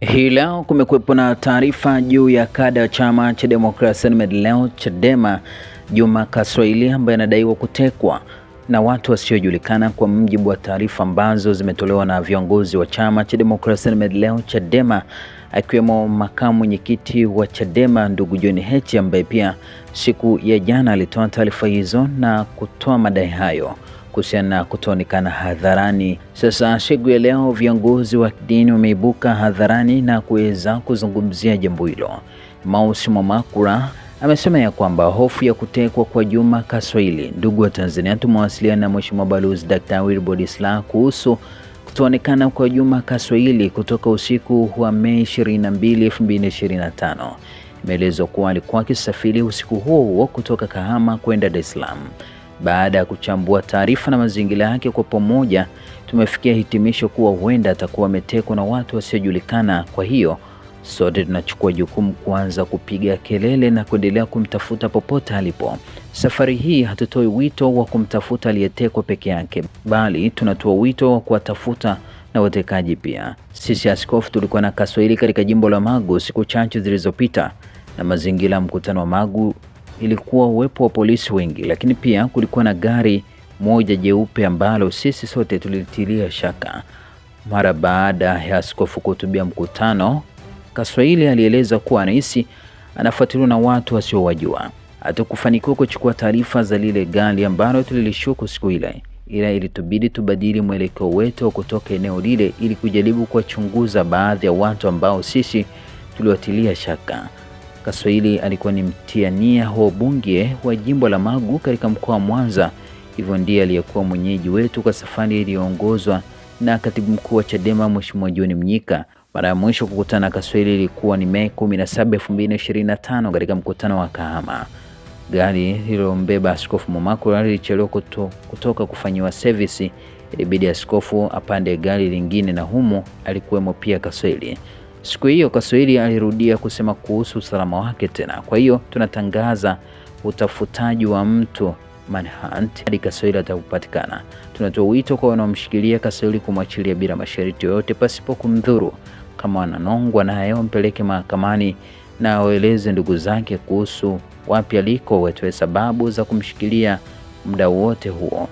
Hii leo kumekuwepo na taarifa juu ya kada ya chama cha demokrasia na maendeleo Chadema, Juma Kaswahili ambaye anadaiwa kutekwa na watu wasiojulikana, kwa mjibu wa taarifa ambazo zimetolewa na viongozi wa chama cha demokrasia na maendeleo Chadema, akiwemo makamu mwenyekiti wa Chadema ndugu John Heche ambaye pia siku ya jana alitoa taarifa hizo na kutoa madai hayo kuhusiana na kutoonekana hadharani. Sasa siku ya leo viongozi wa kidini wameibuka hadharani na kuweza kuzungumzia jambo hilo. Mausi Mwamakula amesema ya kwamba hofu ya kutekwa kwa Juma Kaswahili, ndugu wa Tanzania, tumewasiliana na Mheshimiwa Balozi Dr. Wilbrod Slaa kuhusu kutoonekana kwa Juma Kaswahili kutoka usiku wa Mei 22, 2025. Imeelezwa kuwa alikuwa akisafiri usiku huo huo kutoka Kahama kwenda Dar es Salaam. Baada ya kuchambua taarifa na mazingira yake kwa pamoja, tumefikia hitimisho kuwa huenda atakuwa ametekwa na watu wasiojulikana. Kwa hiyo sote tunachukua jukumu kuanza kupiga kelele na kuendelea kumtafuta popote alipo. Safari hii hatutoi wito wa kumtafuta aliyetekwa peke yake, bali tunatoa wito wa kuwatafuta na watekaji pia. Sisi askofu tulikuwa na Kaswahili katika jimbo la Magu siku chache zilizopita, na mazingira ya mkutano wa Magu ilikuwa uwepo wa polisi wengi, lakini pia kulikuwa na gari moja jeupe ambalo sisi sote tulitilia shaka. Mara baada ya askofu kuhutubia mkutano, Kaswahili alieleza kuwa anahisi anafuatiliwa na watu wasiowajua. Hatukufanikiwa kuchukua taarifa za lile gari ambalo tulilishuku siku ile, ila ilitubidi tubadili mwelekeo wetu wa kutoka eneo lile ili kujaribu kuwachunguza baadhi ya watu ambao sisi tuliwatilia shaka. Kaswahili alikuwa ni mtiania wa ubunge wa jimbo la Magu katika mkoa wa Mwanza, hivyo ndiye aliyekuwa mwenyeji wetu kwa safari iliyoongozwa na katibu mkuu wa Chadema Mheshimiwa John Mnyika. Mara ya mwisho kukutana na Kaswahili ilikuwa ni Mei 17, 2025 katika mkutano wa Kahama. Gari lililombeba Askofu Momakula lilichelewa kuto, kutoka kufanyiwa service. ilibidi askofu apande gari lingine na humo alikuwemo pia Kaswahili. Siku hiyo kaswahili alirudia kusema kuhusu usalama wake tena. Kwa hiyo tunatangaza utafutaji wa mtu manhunt hadi atakupatikana. Tunatoa wito kwa wanaomshikilia Kaswahili kumwachilia bila masharti yoyote pasipo kumdhuru. Kama wananongwa naye wampeleke mahakamani na aweleze ndugu zake kuhusu wapi aliko, watoe sababu za kumshikilia muda wote huo.